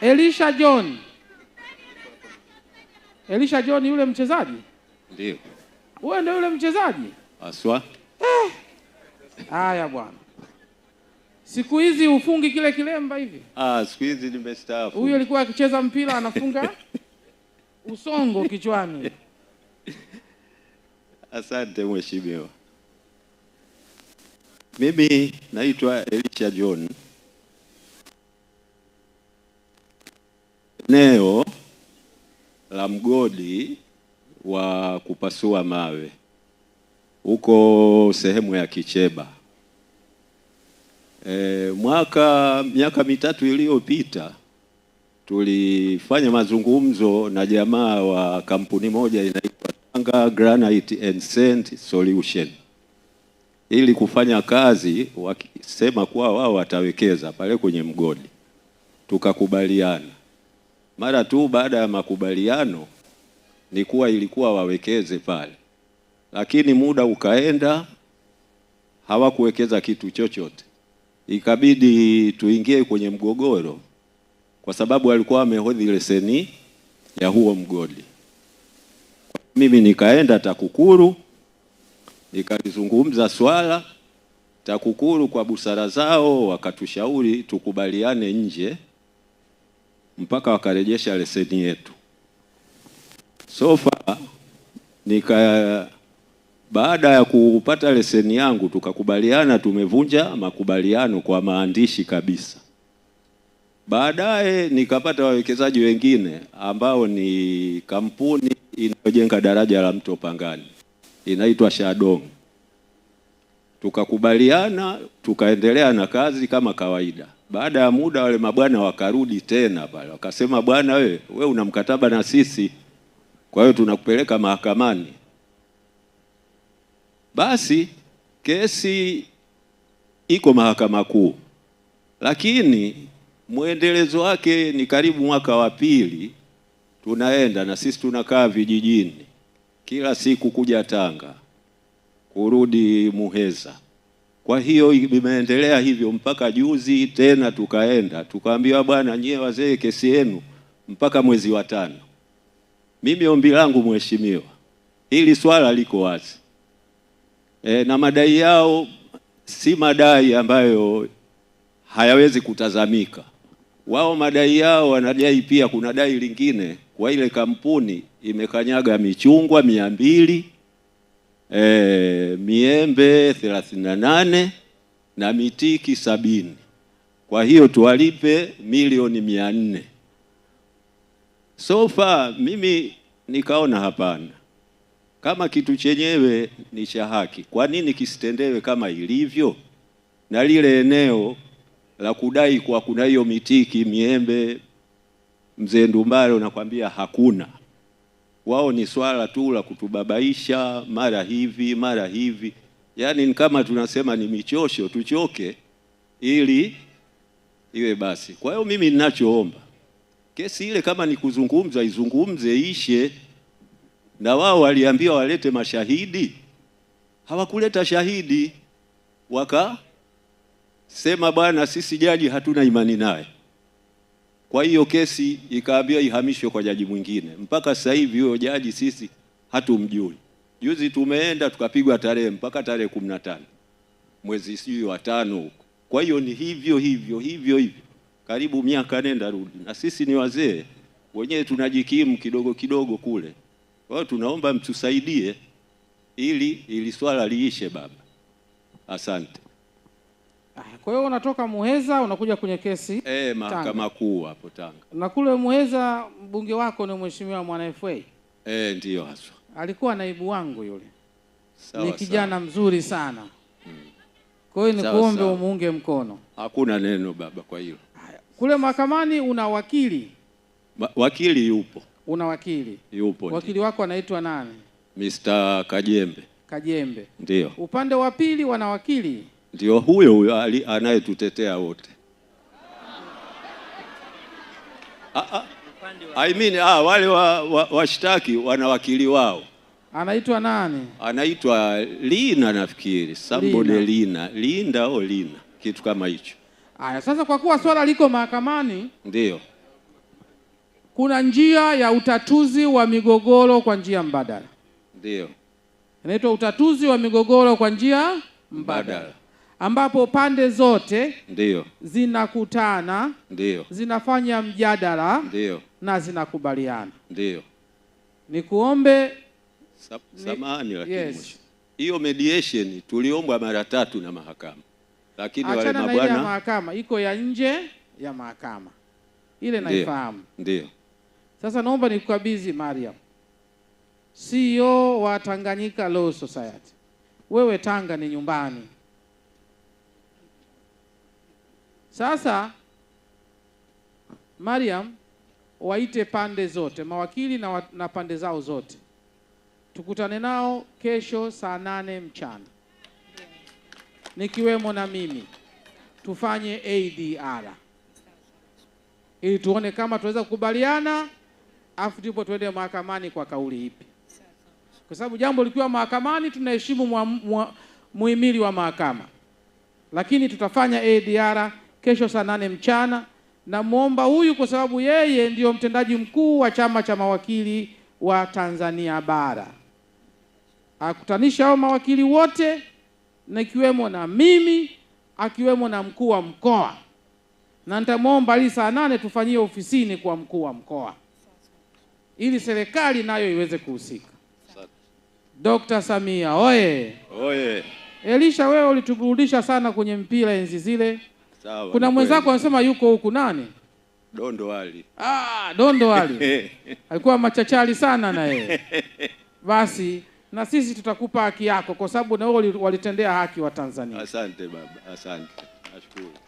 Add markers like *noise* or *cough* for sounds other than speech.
Elisha John, Elisha John yule mchezaji ndio wewe, ndio yule mchezaji aswa. Eh, haya bwana, siku hizi ufungi kile kilemba hivi? Ah, siku hizi nimestaafu. Huyo alikuwa akicheza mpira anafunga *laughs* usongo kichwani. Asante mheshimiwa. Mimi naitwa Elisha John. eneo la mgodi wa kupasua mawe huko sehemu ya Kicheba. E, mwaka miaka mitatu iliyopita tulifanya mazungumzo na jamaa wa kampuni moja inaitwa Tanga Granite and Sand Solution ili kufanya kazi, wakisema kuwa wao watawekeza pale kwenye mgodi, tukakubaliana mara tu baada ya makubaliano ni kuwa ilikuwa wawekeze pale, lakini muda ukaenda, hawakuwekeza kitu chochote, ikabidi tuingie kwenye mgogoro, kwa sababu walikuwa wamehodhi leseni ya huo mgodi. Mimi nikaenda TAKUKURU nikalizungumza swala. TAKUKURU kwa busara zao wakatushauri tukubaliane nje mpaka wakarejesha leseni yetu. So far nika baada ya kupata leseni yangu tukakubaliana, tumevunja makubaliano kwa maandishi kabisa. Baadaye nikapata wawekezaji wengine ambao ni kampuni inayojenga daraja la mto Pangani inaitwa Shadong tukakubaliana, tukaendelea na kazi kama kawaida. Baada ya muda, wale mabwana wakarudi tena pale, wakasema bwana, we we una mkataba na sisi, kwa hiyo tunakupeleka mahakamani. Basi kesi iko mahakama kuu, lakini mwendelezo wake ni karibu mwaka wa pili, tunaenda na sisi tunakaa vijijini kila siku kuja Tanga kurudi Muheza. Kwa hiyo imeendelea hivyo mpaka juzi tena tukaenda tukaambiwa, bwana nyie wazee, kesi yenu mpaka mwezi wa tano. Mimi ombi langu mheshimiwa, hili swala liko wazi e, na madai yao si madai ambayo hayawezi kutazamika. Wao madai yao wanadai pia, kuna dai lingine kwa ile kampuni imekanyaga michungwa mia mbili e, miembe 38 na nane na mitiki sabini. Kwa hiyo tuwalipe milioni mia nne. So far mimi nikaona hapana, kama kitu chenyewe ni cha haki, kwa nini kisitendewe kama ilivyo? Na lile eneo la kudai kwa kuna hiyo mitiki miembe, mzee Ndumbaro nakwambia hakuna wao ni swala tu la kutubabaisha mara hivi mara hivi, yaani ni kama tunasema ni michosho, tuchoke ili iwe basi. Kwa hiyo mimi ninachoomba kesi ile kama ni kuzungumza izungumze ishe, na wao waliambiwa walete mashahidi, hawakuleta shahidi, wakasema bwana, sisi jaji hatuna imani naye. Kwa hiyo kesi ikaambiwa ihamishwe kwa jaji mwingine. Mpaka sasa hivi huyo jaji sisi hatumjui. Juzi tumeenda tukapigwa tarehe mpaka tarehe kumi na tano mwezi sijui wa tano huko. Kwa hiyo ni hivyo hivyo hivyo hivyo, karibu miaka nenda rudi, na sisi ni wazee wenyewe tunajikimu kidogo kidogo kule. Kwa hiyo tunaomba mtusaidie ili ili swala liishe baba. Asante. Kwa hiyo unatoka Muheza unakuja kwenye kesi eh, mahakama kuu hapo Tanga, na kule Muheza mbunge wako ni mheshimiwa Mwana FA eh, ndio haswa, alikuwa naibu wangu yule. Sawa, ni kijana sawa, mzuri sana hmm. Kwa hiyo ni kuombe umuunge mkono. Hakuna neno baba kwa hiyo Kule mahakamani una wakili Ma, wakili yupo, una wakili yupo, wakili ndiyo. wako anaitwa nani? Mr. Kajembe. Kajembe, ndio. Upande wa pili wana wakili ndio huyo huyo anayetutetea wote. Ah, ah, I mean, ah, wale washtaki wa, wa wanawakili wao anaitwa nani? Anaitwa Lina nafikiri, somebody Lina, Linda au Lina, kitu kama hicho. Aya, sasa kwa kuwa swala liko mahakamani, ndio kuna njia ya utatuzi wa migogoro kwa njia mbadala, ndio inaitwa utatuzi wa migogoro kwa njia mbadala, mbadala ambapo pande zote ndio zinakutana ndio zinafanya mjadala ndio na zinakubaliana ndio. Nikuombe Sa samahani, lakini yes. hiyo mediation tuliombwa mara tatu na mahakama, lakini wale mabwana ya mahakama iko ya nje ya mahakama ile naifahamu. Ndio sasa naomba nikukabidhi Mariam, CEO wa Tanganyika Law Society. Wewe Tanga ni nyumbani Sasa Mariam, waite pande zote mawakili na, na pande zao zote, tukutane nao kesho saa nane mchana nikiwemo na mimi, tufanye ADR ili tuone kama tunaweza kukubaliana, afu ndipo tuende mahakamani kwa kauli ipi, kwa sababu jambo likiwa mahakamani tunaheshimu muhimili wa mahakama, lakini tutafanya ADR kesho saa nane mchana. Namwomba huyu kwa sababu yeye ndiyo mtendaji mkuu wa Chama cha Mawakili wa Tanzania Bara, akutanisha hao mawakili wote na na mimi akiwemo na mkuu wa mkoa, na nitamwomba ili saa nane tufanyie ofisini kwa mkuu wa mkoa ili serikali nayo iweze kuhusika. Dr. Samia oye, oye! Elisha, wewe ulituburudisha sana kwenye mpira enzi zile. Sawa, kuna mwenzako anasema yuko huku nani? Dondo Ali. Ah, Dondo Ali *laughs* alikuwa machachari sana na yeye. Basi na sisi tutakupa haki yako kwa sababu na wao walitendea haki wa Tanzania. Asante baba, asante, nashukuru.